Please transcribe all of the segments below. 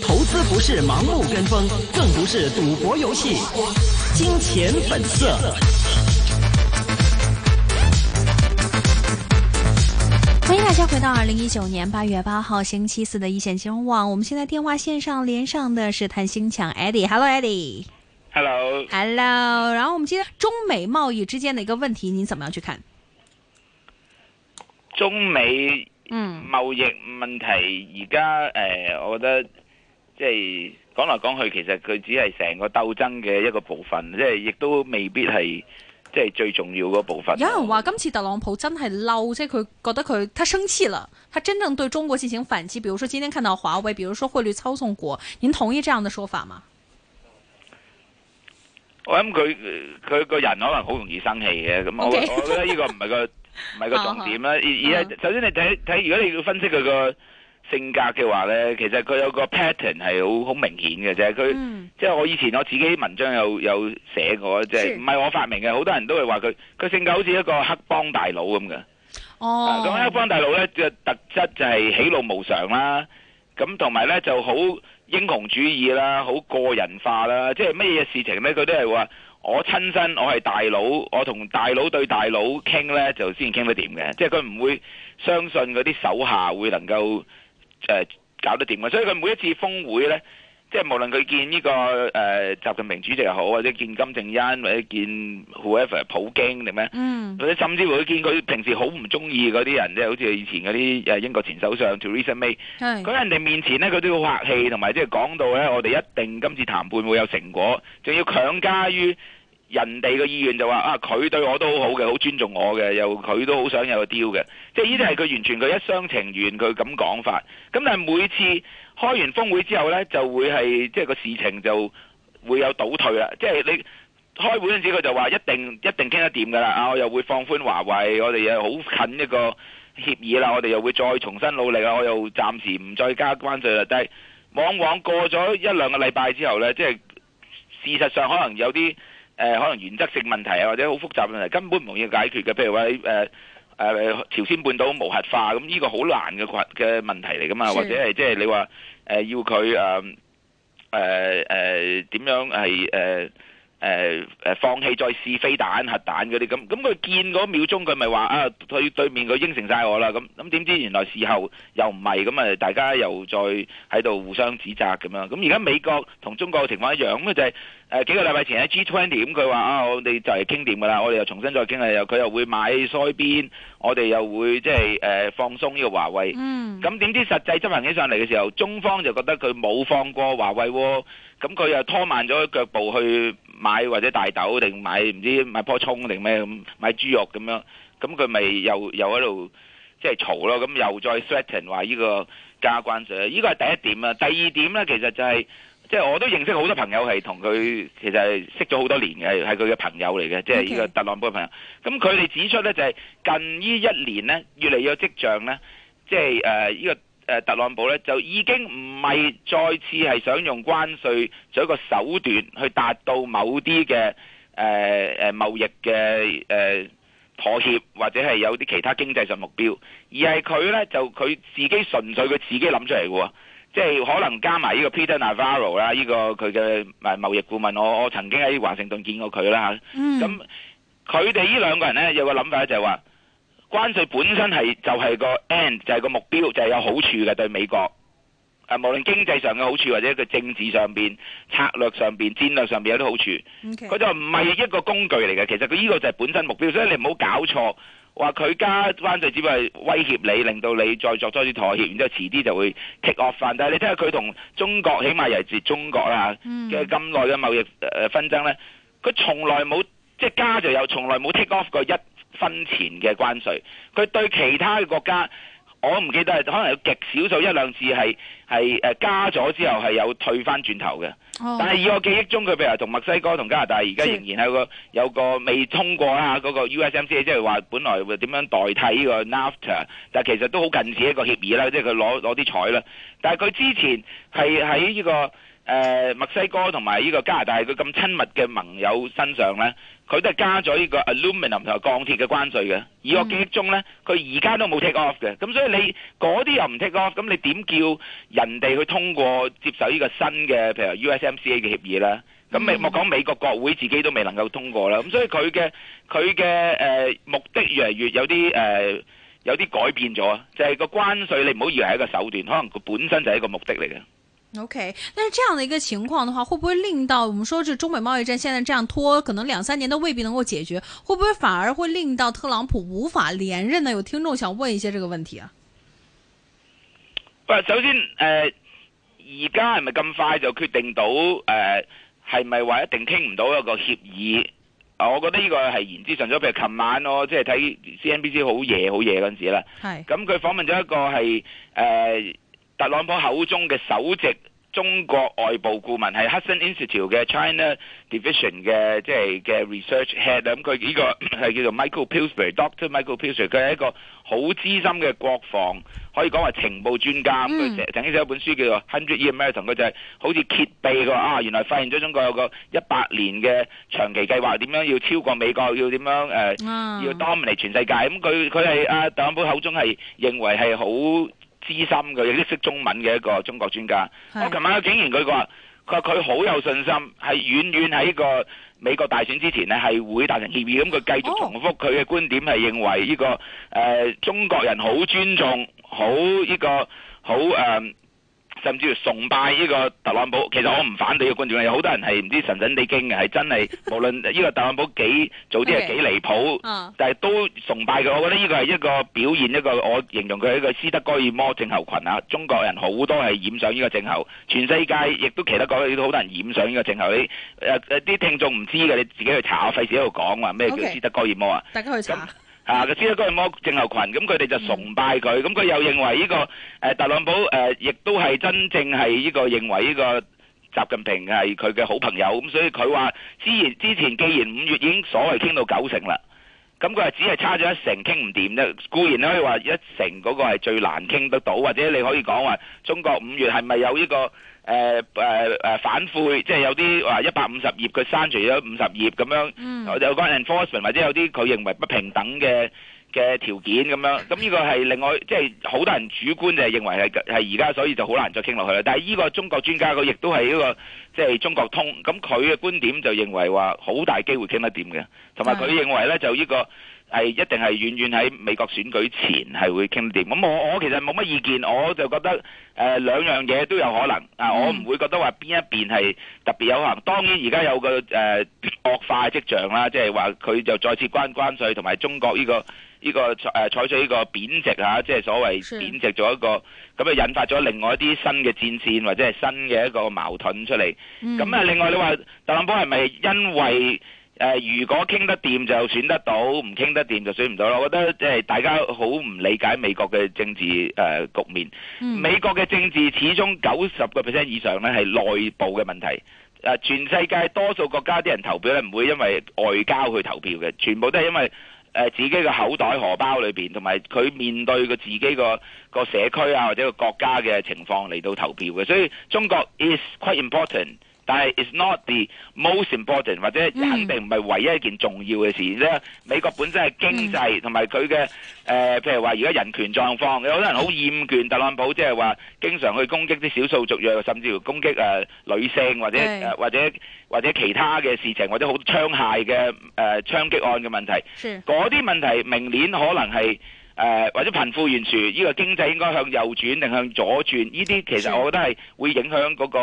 投資不是盲目跟風，更不是賭博遊戲。金錢本色，歡迎大家回到二零一九年八月八號星期四的一線金融網。我們現在電話線上連上的是譚新強 Eddie，Hello Eddie，Hello Hello Eddie。Hello. Hello, 然後我們今天中美貿易之間的一個問題，你怎麼樣去看？中美。嗯，貿易問題而家誒，我覺得即係講嚟講去，其實佢只係成個鬥爭嘅一個部分，即係亦都未必係即係最重要嗰部分。有人話今次特朗普真係嬲，即係佢覺得佢他，他生氣了，他真正對中國進行反擊。比如說今天看到華為，比如說匯率操縱國，您同意這樣的說法嗎？我諗佢佢個人可能好容易生氣嘅，咁我我覺得呢個唔係個。Okay. 唔係個重點啦，而而家首先你睇睇，如果你要分析佢個性格嘅話咧，其實佢有個 pattern 係好好明顯嘅啫。佢即係我以前我自己文章有有寫過，即係唔係我發明嘅，好多人都係話佢佢性格好似一個黑幫大佬咁嘅。哦，咁黑幫大佬咧嘅特質就係喜怒無常啦，咁同埋咧就好。英雄主義啦，好個人化啦，即係乜嘢事情呢？佢都係話我親身，我係大佬，我同大佬對大佬傾呢，就先傾得掂嘅，即係佢唔會相信嗰啲手下會能夠誒、呃、搞得掂嘅，所以佢每一次峰會呢。即係無論佢見呢、這個誒、呃、習近平主席又好，或者見金正恩，或者見 whoever 普京定咩，或者、mm. 甚至乎佢見佢平時好唔中意嗰啲人，即係好似以前嗰啲英國前首相 Theresa May，喺、mm. 人哋面前咧，佢都好客氣，同埋即係講到咧，我哋一定今次談判會有成果，仲要強加於人哋嘅意願，就話啊佢對我都好好嘅，好尊重我嘅，又佢都好想有個 deal 嘅，mm. 即係呢啲係佢完全佢一廂情願，佢咁講法。咁但係每次。開完峰會之後呢，就會係即係個事情就會有倒退啦。即係你開會嗰陣時，佢就話一定一定傾得掂噶啦。啊，我又會放寬華為，我哋又好近一個協議啦。我哋又會再重新努力啦。我又暫時唔再加關稅啦。但係往往過咗一兩個禮拜之後呢，即係事實上可能有啲誒、呃，可能原則性問題啊，或者好複雜問題根本唔容易解決嘅。譬如話誒。呃誒朝鮮半島無核化咁呢個好難嘅嘅嘅問題嚟㗎嘛？或者係即係你話誒要佢誒誒誒點樣係誒誒誒放棄再試飛彈核彈嗰啲咁？咁佢見嗰秒鐘佢咪話啊對對面佢應承晒我啦咁？咁點知原來事後又唔係咁啊？大家又再喺度互相指責咁樣。咁而家美國同中國嘅情況一樣咁就係。誒幾個禮拜前喺 G20 咁，佢話啊，我哋就係傾掂㗎啦，我哋又重新再傾啊，又佢又會買腮邊，我哋又會即係誒放鬆呢個華為。嗯。咁點知實際執行起上嚟嘅時候，中方就覺得佢冇放過華為喎，咁佢又拖慢咗腳步去買或者大豆定買唔知買棵葱定咩咁買豬肉咁樣，咁佢咪又又喺度即係嘈咯，咁、就是、又再 threaten 話呢個加關稅，呢、這個係第一點啊。第二點咧，其實就係、是。即係我都認識好多朋友係同佢其實係識咗好多年嘅，係佢嘅朋友嚟嘅，即係呢個特朗普嘅朋友。咁佢哋指出咧，就係近呢一年咧，越嚟越有跡象咧，即係誒呢個誒特朗普咧，就已經唔係再次係想用關稅做一個手段去達到某啲嘅誒誒貿易嘅誒、呃、妥協，或者係有啲其他經濟上目標，而係佢咧就佢自己純粹佢自己諗出嚟嘅喎。即、就、係、是，可能加埋呢個 Peter Navarro 啦，呢個佢嘅貿易顧問，我，我曾經喺華盛頓見過佢啦。咁佢哋呢兩個人呢，有個諗法就係話關稅本身係就係個 end，就係個目標，就係有好處嘅對美國。啊，無論經濟上嘅好處或者佢政治上邊、策略上邊、戰略上邊有啲好處，佢 okay。就唔係一個工具嚟嘅。其實佢呢個就係本身目標，所以你唔好搞錯。話佢加關稅只不過係威脅你，令到你再作多啲妥協，然之後遲啲就會 take off。但係你睇下佢同中國，起碼又係自中國啦嘅咁耐嘅貿易誒紛爭呢，佢、嗯、從來冇即係加就有從來冇 take off 過一分錢嘅關稅。佢對其他嘅國家，我唔記得係可能有極少數一兩次係係誒加咗之後係有退翻轉頭嘅。但係以我記憶中，佢譬如話同墨西哥同加拿大，而家仍然係個有個未通過啊。嗰個 USMC 即係話本來會點樣代替呢個 NAFTA，但其實都好近似一個協議啦，即係佢攞攞啲彩啦。但係佢之前係喺呢個。誒、呃，墨西哥同埋呢個加拿大佢咁親密嘅盟友身上咧，佢都係加咗呢個 aluminum 同埋鋼鐵嘅關稅嘅。以我記憶中咧，佢而家都冇 take off 嘅。咁所以你嗰啲又唔 take off，咁你點叫人哋去通過接受呢個新嘅，譬如 USMCA 嘅協議咧？咁未莫講美國國會自己都未能夠通過啦。咁所以佢嘅佢嘅誒目的越嚟越有啲誒、呃、有啲改變咗啊！就係、是、個關稅，你唔好以為係一個手段，可能佢本身就係一個目的嚟嘅。O K，但是這樣的一個情況的話，會不會令到我們說，這中美貿易戰現在這樣拖，可能兩三年都未必能夠解決，會不會反而會令到特朗普無法連任呢？有聽眾想問一下這個問題啊。喂，首先，誒、呃，而家係咪咁快就決定到，誒、呃，係咪話一定傾唔到一個協議？我覺得呢個係言之尚早。譬如琴晚我即係睇 C N B C 好夜好夜嗰陣時啦，係，咁佢訪問咗一個係，誒、呃。特朗普口中嘅首席中國外部顧問係 Hudson Institute 嘅 China Division 嘅即係嘅 research head，咁佢呢個係叫做 Michael Pillsbury，Doctor Michael Pillsbury，佢係一個好資深嘅國防可以講話情報專家。咁、嗯、佢、嗯、寫寫咗一本書叫做《Hundred Year Marathon》，同佢就係好似揭秘個啊，原來發現咗中國有一個一百年嘅長期計劃，點樣要超過美國，要點樣、呃啊、要 dominate 全世界。咁佢佢係啊特朗普口中係認為係好。資深嘅有啲識中文嘅一個中國專家，我琴晚整完佢話，佢話佢好有信心，係遠遠喺呢個美國大選之前係會達成協議。咁佢繼續重複佢嘅觀點係認為呢、呢個、oh. 呃、中國人好尊重，好呢、呢個好甚至崇拜呢個特朗普，其實我唔反對嘅觀眾，有好多人係唔知神神地經嘅，係真係 無論呢個特朗普幾做啲係幾離譜，okay. uh. 但係都崇拜佢。我覺得呢個係一個表現一個，我形容佢係一個斯德哥爾摩症候群。啊。中國人好多係染上呢個症候，全世界亦都其他國家亦都好多人染上呢個症候。啲誒誒啲聽眾唔知嘅，你自己去查，費事喺度講話咩叫斯德哥爾摩啊？Okay. 嗯、大家去查。嗯啊！佢資佢係摩政候群，咁佢哋就崇拜佢，咁佢又認為呢、呢個誒、啊、特朗普誒亦、啊、都係真正係呢個認為呢個習近平係佢嘅好朋友，咁所以佢話：之前之前既然五月已經所謂傾到九成啦，咁佢話只係差咗一成傾唔掂啫。固然可以話一成嗰個係最難傾得到，或者你可以講話中國五月係咪有呢、呢個？誒誒誒，反悔，即係有啲話一百五十頁，佢刪除咗五十頁咁樣，嗯，我哋有關 enforcement 或者有啲佢認為不平等嘅。嘅條件咁樣，咁呢個係另外即係好多人主觀就係認為係係而家，所以就好難再傾落去啦。但係呢個中國專家佢亦都係一個即係、就是、中國通，咁佢嘅觀點就認為話好大機會傾得掂嘅，同埋佢認為呢，就呢個係一定係遠遠喺美國選舉前係會傾得掂。咁我我其實冇乜意見，我就覺得誒、呃、兩樣嘢都有可能啊，我唔會覺得話邊一邊係特別有可能。當然而家有個誒、呃、惡化嘅跡象啦，即係話佢就再次關關稅同埋中國呢、這個。呢個誒採取呢個貶值啊，即係所謂貶值咗一個，咁啊引發咗另外一啲新嘅戰線或者係新嘅一個矛盾出嚟。咁、嗯、啊，另外你話特朗普係咪因為誒、呃，如果傾得掂就選得到，唔傾得掂就選唔到咯？我覺得即係大家好唔理解美國嘅政治誒、呃、局面。嗯、美國嘅政治始終九十個 percent 以上呢係內部嘅問題。誒、呃，全世界多數國家啲人投票呢，唔會因為外交去投票嘅，全部都係因為，誒自己嘅口袋荷包裏邊，同埋佢面對個自己個個社區啊，或者個國家嘅情況嚟到投票嘅，所以中國 is quite important。但係，it's not the most important，或者肯定唔係唯一一件重要嘅事啫。美國本身係經濟同埋佢嘅誒，譬如話而家人權狀況，有好多人好厭倦特朗普，即係話經常去攻擊啲少數族裔，甚至乎攻擊誒女性或者誒或者或者其他嘅事情，或者好槍械嘅誒槍擊案嘅問題。嗰啲問題明年可能係。誒或者貧富懸殊，呢個經濟應該向右轉定向左轉？呢啲其實我覺得係會影響嗰個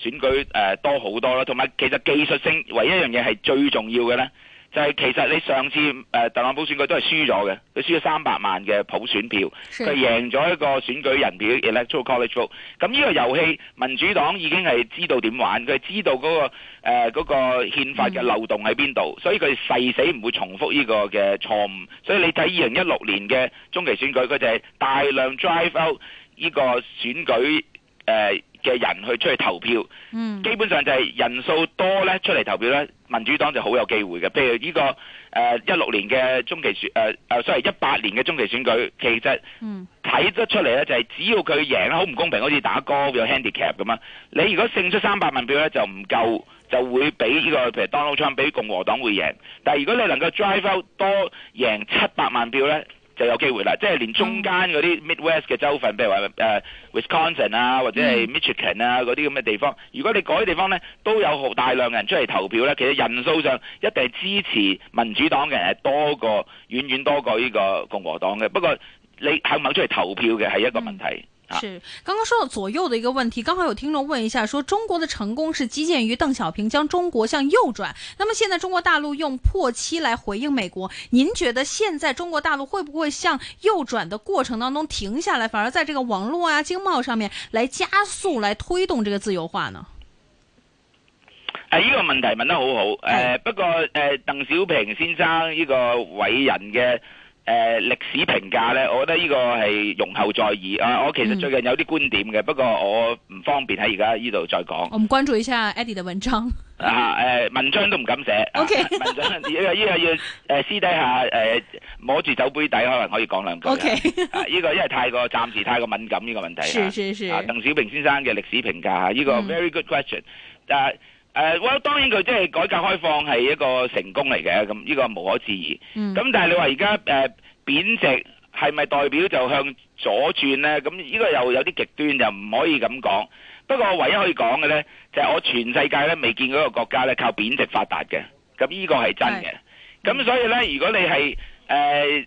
選舉誒多好多啦。同埋其實技術性唯一一樣嘢係最重要嘅咧，就係、是、其實你上次誒、呃、特朗普選舉都係輸咗嘅，佢輸咗三百萬嘅普選票，佢贏咗一個選舉人票 （electoral college v o t 咁呢個遊戲民主黨已經係知道點玩，佢知道嗰、那個誒嗰、呃那個、憲法嘅漏洞喺邊度，所以佢誓死唔會重複呢個嘅錯誤。所以你睇二零一六年嘅中期選舉，佢就係大量 drive out 呢個選舉誒。呃嘅人去出去投票，嗯、基本上就係人數多咧出嚟投票咧，民主黨就好有機會嘅。譬如呢、這個誒一六年嘅中期選誒誒，sorry 一八年嘅中期選舉，其實睇得出嚟咧就係、是、只要佢贏好唔公平，好似打高有 handicap 咁樣。你如果勝出三百萬票咧就唔夠就會俾呢、這個譬如 Donald Trump 俾共和黨會贏，但係如果你能夠 drive out 多贏七百萬票咧。就有機會啦，即係連中間嗰啲 Midwest 嘅州份，譬如話、呃、Wisconsin 啊，或者係 Michigan 啊嗰啲咁嘅地方，如果你嗰啲地方咧都有好大量嘅人出嚟投票咧，其實人數上一定係支持民主黨嘅人係多過遠遠多過呢個共和黨嘅。不過你肯唔肯出嚟投票嘅係一個問題。嗯是，剛剛說到左右的一個問題，剛好有聽眾問一下，說中國的成功是基建於鄧小平將中國向右轉，那麼現在中國大陸用破七來回應美國，您覺得現在中國大陸會不會向右轉的過程當中停下來，反而在這個網絡啊、經貿上面來加速來推動這個自由化呢？誒，依個問題問得好好，呃，不過，呃，鄧小平先生依個偉人嘅。誒歷史評價呢，我覺得呢個係容後再議。啊，我其實最近有啲觀點嘅，不過我唔方便喺而家呢度再講。我唔關注一下 Eddie 的文章。啊誒，文章都唔敢寫。OK。文章呢個呢個要誒私底下誒摸住酒杯底，可能可以講兩句。OK。呢個因為太過暫時太過敏感呢個問題。是是是。啊，鄧小平先生嘅歷史評價，呢個 very good question。但誒，我當然佢即係改革開放係一個成功嚟嘅，咁呢個無可置疑。咁、嗯、但係你話而家誒貶值係咪代表就向左轉呢？咁呢個又有啲極端，又唔可以咁講。不過唯一可以講嘅呢，就係我全世界呢未見過一個國家呢靠貶值發達嘅。咁呢個係真嘅。咁、嗯、所以呢，如果你係誒。嗯呃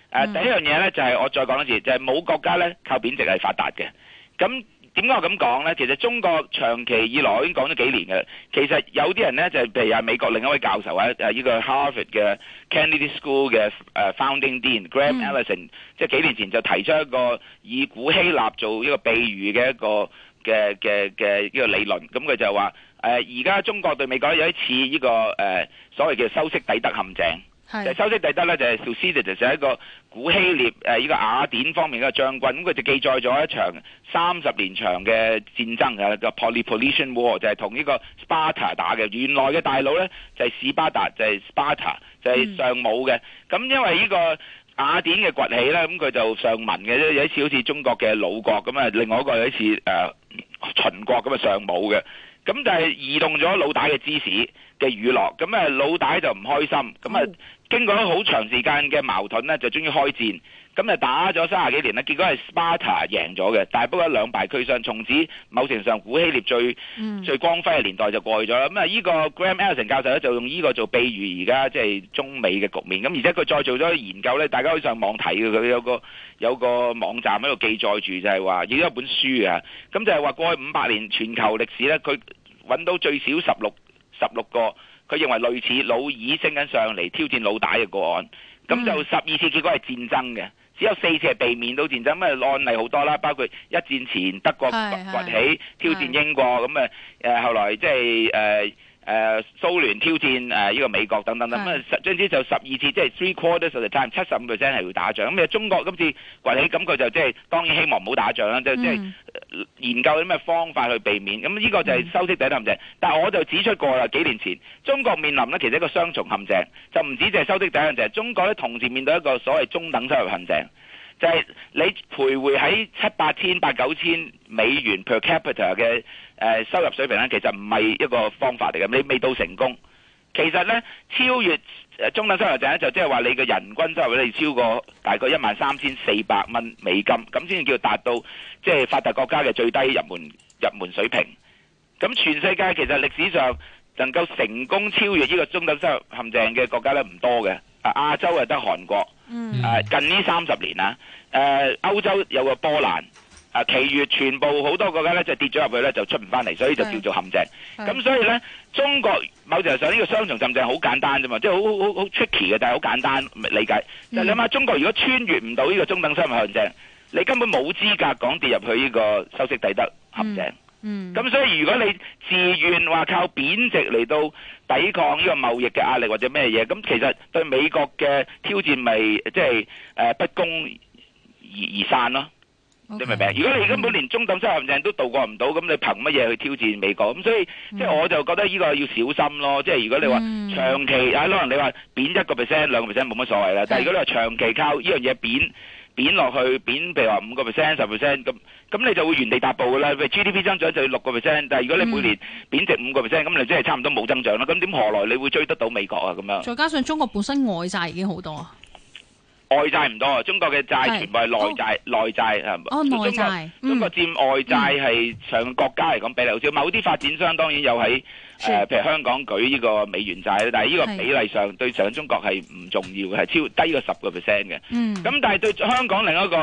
誒、啊、第一樣嘢咧就係、是、我再講一次，就係、是、冇國家咧靠貶值係發達嘅。咁點解我咁講咧？其實中國長期以來已經講咗幾年嘅。其實有啲人咧就係譬如啊美國另一位教授啊呢個 Harvard 嘅 Kennedy School 嘅 Founding Dean Graham Allison、嗯、即係幾年前就提出一個以古希臘做呢個比喻嘅一個嘅嘅嘅呢個理論。咁佢就話而家中國對美國有一似呢、這個誒、呃、所謂嘅修昔底德陷阱。是修就修昔底德咧，就係 Thucydides 就係一個古希臘誒依、呢個雅典方面嘅將軍，咁佢就記載咗一場三十年長嘅戰爭嘅，個破裂 Peloponnesian War） 就係同呢個 Sparta 打嘅。原來嘅大佬咧就係斯巴達，就係 Sparta，就係尚武嘅。咁、嗯、因為呢個雅典嘅崛起咧，咁佢就尚文嘅，即有啲似好似中國嘅魯國咁啊，另外一個有啲似誒秦國咁啊尚武嘅。咁就係移動咗老大嘅芝士嘅娛樂，咁啊老大就唔開心，咁啊經過咗好長時間嘅矛盾咧，就終於開戰。咁就打咗三十幾年啦，結果係 Sparta 贏咗嘅，但係不過兩敗俱傷，從此某程度上古希臘最、嗯、最光輝嘅年代就過去咗。咁啊，依個 Graham Allison 教授咧就用呢個做比喻，而家即係中美嘅局面。咁而且佢再做咗研究咧，大家可以上網睇嘅，佢有個有個網站喺度記載住，就係話亦都一本書啊。咁就係話過去五百年全球歷史咧，佢揾到最少十六十六個，佢認為類似老二升緊上嚟挑戰老大嘅個案。咁就十二次結果係戰爭嘅。嗯嗯只有四次係避免到戰爭，咁啊，案例好多啦，包括一戰前德國崛起是是是挑戰英國，咁啊誒，後來即係誒。呃誒、呃，蘇聯挑戰誒呢、呃這個美國等等等，咁啊，總、嗯、之就十、是、二次即係 three quarters of the time，七十五 percent 係會打仗。咁、嗯、啊、嗯，中國今次崛起咁，佢就即、就、係、是、當然希望唔好打仗啦，即係即係研究啲咩方法去避免。咁呢個就係修昔底德陷阱。但係我就指出過啦，幾年前中國面臨咧，其實一個雙重陷阱，就唔止淨係修昔底德陷阱，中國咧同時面對一個所謂中等收入陷阱。就係、是、你徘徊喺七八千、八九千美元 per capita 嘅、呃、收入水平咧，其實唔係一個方法嚟嘅，你未到成功。其實咧，超越、呃、中等收入陷阱咧，就即係話你嘅人均收入你超過大概一萬三千四百蚊美金，咁先至叫達到即係、就是、發達國家嘅最低入門入門水平。咁全世界其實歷史上能夠成功超越呢個中等收入陷阱嘅國家咧，唔多嘅。亞洲又得韓國，誒、嗯、近呢三十年啦，誒歐洲有個波蘭，誒其餘全部好多國家咧就跌咗入去咧就出唔返嚟，所以就叫做陷阱。咁所以咧，中國某程度上呢個雙重陷阱好簡單啫嘛，即係好好好 tricky 嘅，但係好簡單理解。就是、你諗下，中國如果穿越唔到呢個中等收入陷阱，你根本冇資格講跌入去呢個收息抵得陷阱。嗯咁、嗯、所以如果你自願話靠貶值嚟到抵抗呢個貿易嘅壓力或者咩嘢，咁其實對美國嘅挑戰咪即係誒不公而而散咯，你、okay, 明唔明、嗯？如果你根本連中等收入陷阱都渡過唔到，咁你憑乜嘢去挑戰美國？咁所以即係、就是、我就覺得呢個要小心咯，即、就、係、是、如果你話長期啊，可、嗯、能你話貶一個 percent、兩個 percent 冇乜所謂啦，但係如果你話長期靠呢樣嘢貶。貶落去，貶譬如話五個 percent、十 percent 咁，咁你就會原地踏步噶啦。GDP 增長就要六個 percent，但係如果你每年貶值五個 percent，咁你真係差唔多冇增長啦。咁點何來你會追得到美國啊？咁樣再加上中國本身外債已經好多啊，外債唔多啊，中國嘅債全部係內債，內債係。哦，內債、哦。中國佔外債係上國家嚟講比例好少，某啲發展商當然又喺。誒，譬如香港舉呢個美元債咧，但係呢個比例上對上中國係唔重要嘅，係超低過十個 percent 嘅。嗯。咁但係對香港另一個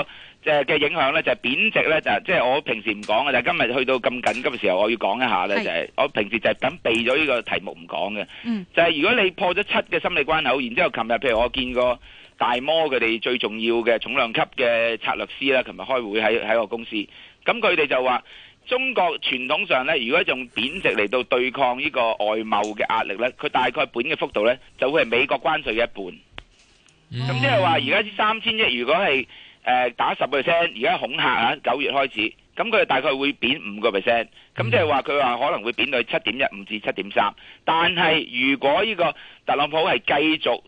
誒嘅影響咧，就係貶值咧，就係即係我平時唔講嘅，但係今日去到咁緊急嘅時候，我要講一下咧，就係我平時就係等避咗呢個題目唔講嘅。嗯。就係如果你破咗七嘅心理關口，然之後琴日譬如我見過大摩佢哋最重要嘅重量級嘅策略師啦，琴日開會喺喺個公司，咁佢哋就話。中國傳統上咧，如果用貶值嚟到對抗呢個外貿嘅壓力咧，佢大概貶嘅幅度咧就會係美國關稅嘅一半。咁即係話，而家三千億如果係、呃、打十個 percent，而家恐嚇啊，九月開始，咁佢大概會貶五個 percent。咁即係話佢話可能會貶到去七點一五至七點三。但係如果呢個特朗普係繼續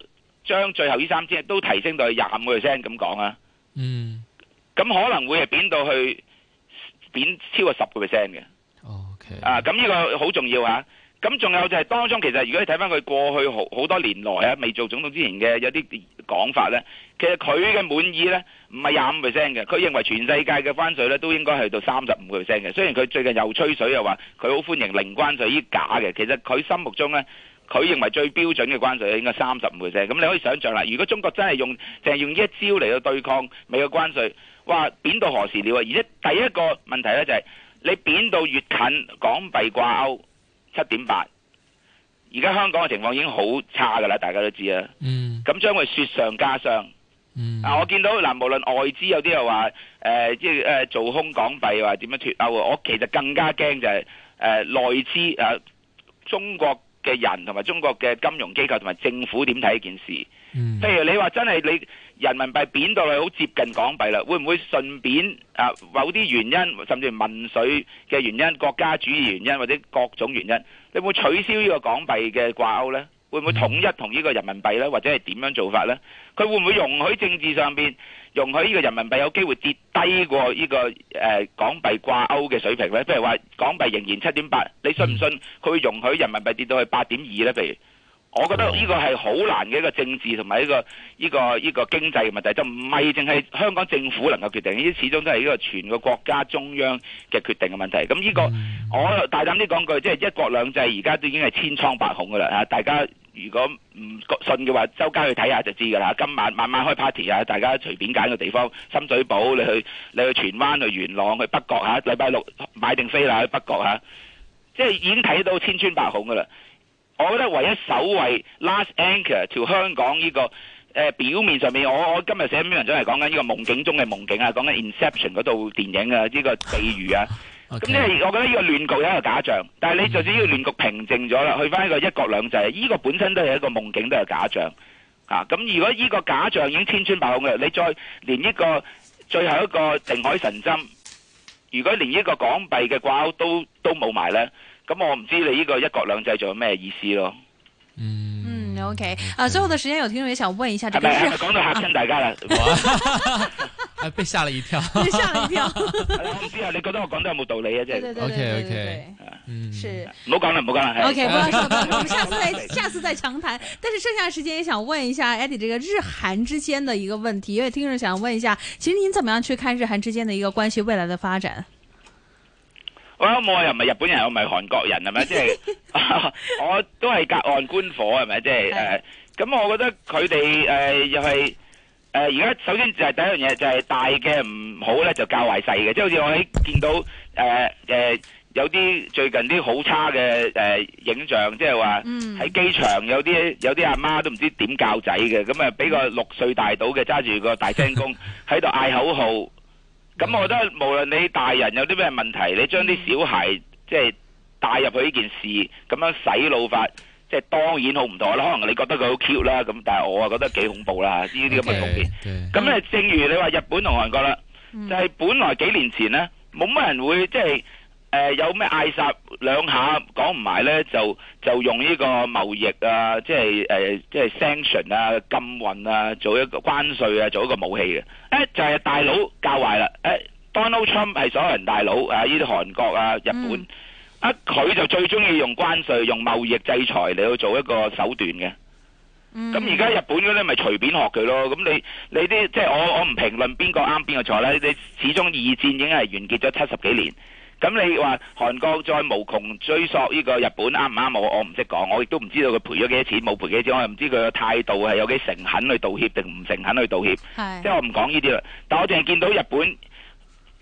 將最後呢三千億都提升到去廿五個 percent 咁講啊，嗯，咁可能會係貶到去。點超過十個 percent 嘅。的 okay。啊，咁呢個好重要啊！咁仲有就係當中，其實如果你睇翻佢過去好好多年來啊，未做總統之前嘅有啲講法咧，其實佢嘅滿意咧唔係廿五 percent 嘅，佢認為全世界嘅關稅咧都應該去到三十五 percent 嘅。雖然佢最近又吹水又話佢好歡迎零關稅，呢假嘅。其實佢心目中咧，佢認為最標準嘅關稅應該三十五 percent。咁你可以想象啦，如果中國真係用淨係用呢一招嚟到對抗美國關稅。話貶到何時了啊！而家第一個問題咧就係、是、你貶到越近港幣掛鈎七點八，而家香港嘅情況已經好差噶啦，大家都知啦。嗯，咁將會雪上加霜。嗯、mm. 啊，我見到嗱，無論外資有啲又話誒，即係誒做空港幣，又話點樣脫鈎。我其實更加驚就係、是、誒，內資誒，中國嘅人同埋中國嘅金融機構同埋政府點睇呢件事？譬、mm. 如你話真係你，人民幣貶到去好接近港幣啦，會唔會順便啊某啲原因，甚至民粹嘅原因、國家主義原因或者各種原因，你會取消呢個港幣嘅掛鈎咧？會唔會統一同呢個人民幣咧？或者係點樣做法咧？佢會唔會容許政治上邊容許呢個人民幣有機會跌低過呢個誒港幣掛鈎嘅水平咧？譬如話港幣仍然七點八，你信唔信佢會容許人民幣跌到去八點二咧？譬如？我覺得呢個係好難嘅一個政治同埋一個呢個呢個經濟嘅問題，就唔係淨係香港政府能夠決定，呢啲始終都係呢個全個國家中央嘅決定嘅問題。咁呢個、嗯、我大膽啲講句，即係一國兩制而家都已經係千瘡百孔噶啦吓！大家如果唔信嘅話，周街去睇下就知噶啦。今晚晚晚開 party 啊，大家隨便揀個地方，深水埗你去，你去荃灣、去元朗、去北角吓，禮拜六買定飛啦，去北角吓，即係已經睇到千瘡百孔噶啦。我覺得唯一守衞 last anchor 條香港呢個誒表面上面，我我今日寫篇文章係講緊呢個夢境中嘅夢境啊，講緊 inception 嗰套電影啊，呢個比喻啊。咁呢，我覺得呢個亂局有一個假象。但係你就算呢個亂局平靜咗啦，去返呢個一國兩制，呢個本身都係一個夢境，都係假象。嚇！咁如果呢個假象已經千瘡百孔嘅，你再連呢個最後一個定海神針，如果連呢個港幣嘅掛鈎都都冇埋咧？咁、嗯、我唔知你呢個一國兩制仲有咩意思咯？嗯嗯，OK，啊、uh，最後嘅時間有聽眾也想問一下這個，係咪講到嚇親大家啦、 啊？被嚇了一跳，被嚇了一跳。唔知啊，你覺得我講得有冇道理啊？即 係 OK OK。 嗯，是。唔好講啦，唔好講啦。OK，不要說我們下次再下次再詳談。 但是剩下時間也想問一下 Eddie 這個日韓之間的一個問題，因為聽眾想問一下，其實你點樣去看日韓之間的一個關係未來嘅發展？我我又唔係日本人，又唔係韓國人係咪？即係我都係隔岸觀火係咪？即係誒咁，我覺得佢哋誒又係誒而家首先就係第一樣嘢就係大嘅唔好咧，就教壞細嘅，即係好似我喺見到誒誒有啲最近啲好差嘅誒影像，即係話喺機場有啲有啲阿媽都唔知點教仔嘅，咁啊俾個六歲大到嘅揸住個大聲公喺度嗌口號。咁、嗯、我覺得無論你大人有啲咩問題，你將啲小孩即係、就是、帶入去呢件事，咁樣洗腦法，即、就、係、是、當然好唔妥啦。可能你覺得佢好 cute 啦，咁但係我啊覺得幾恐怖啦，呢啲咁嘅局面。咁咧，正如你話日本同韓國啦，就係、是、本來幾年前咧，冇乜人會即係。就是誒、呃，有咩嗌殺兩下講唔埋咧，就就用呢個貿易啊，即係誒，即、呃、係、就是、sanction 啊，禁運啊，做一個關稅啊，做一個武器嘅。誒、欸，就係、是、大佬教壞啦。誒、欸、，Donald Trump 係所有人大佬，啊呢啲韓國啊、日本、嗯、啊，佢就最中意用關稅、用貿易制裁嚟去做一個手段嘅。咁而家日本嗰啲咪隨便學佢咯？咁你你啲即係我我唔評論邊個啱邊個錯啦。你，誰誰你始終二戰已經係完結咗七十幾年。咁你話韓國再無窮追索呢個日本，啱唔啱？我我唔識講，我亦都唔知道佢賠咗幾多錢，冇賠幾多錢，我唔知佢嘅態度係有幾誠懇去道歉定唔誠懇去道歉。係，即係我唔講呢啲啦。但我淨係見到日本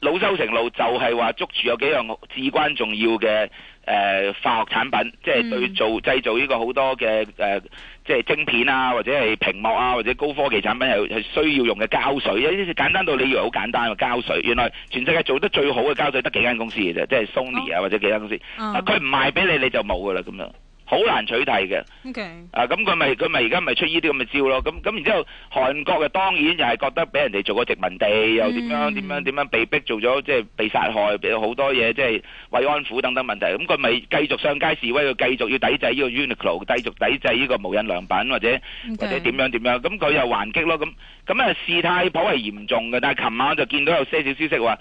老羞成怒，就係話捉住有幾樣至關重要嘅誒、呃、化學產品，即係對做製造呢個好多嘅誒。呃即係晶片啊，或者係屏幕啊，或者高科技產品係需要用嘅膠水，有啲簡單到你以為好簡單嘅膠水，原來全世界做得最好嘅膠水得幾間公司嘅啫，即係 Sony 啊或者幾間公司，佢、oh. 唔賣俾你，你就冇噶啦咁樣好難取締嘅，okay. 啊咁佢咪佢咪而家咪出呢啲咁嘅招咯，咁咁然之後韓國嘅當然就係覺得俾人哋做過殖民地又點樣點、mm. 樣點樣被逼做咗即係被殺害，俾好多嘢即係慰安婦等等問題，咁佢咪繼續上街示威，要繼續要抵制呢個 Uniqlo，繼續抵制呢個無印良品或者、okay. 或者點樣點樣，咁佢又還擊咯，咁咁啊事態頗為嚴重嘅，但係琴晚我就見到有些少消息話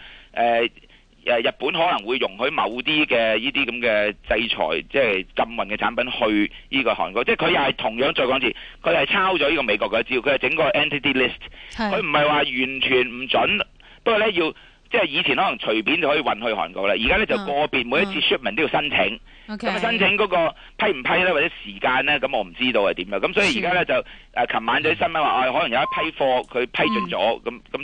日本可能會容許某啲嘅呢啲咁嘅制裁，即係禁運嘅產品去呢個韓國，即係佢又係同樣再講一次，佢係抄咗呢個美國嘅資料，佢係整個 entity list，佢唔係話完全唔準，嗯、不過呢要即係以前可能隨便就可以運去韓國啦，而家呢就個別每一次 shipment 都要申請，咁、嗯、啊、嗯、申請嗰個批唔批呢？或者時間呢？咁我唔知道係點樣，咁所以而家呢，就誒琴、啊、晚啲新聞話、哎、可能有一批貨佢批准咗，咁咁。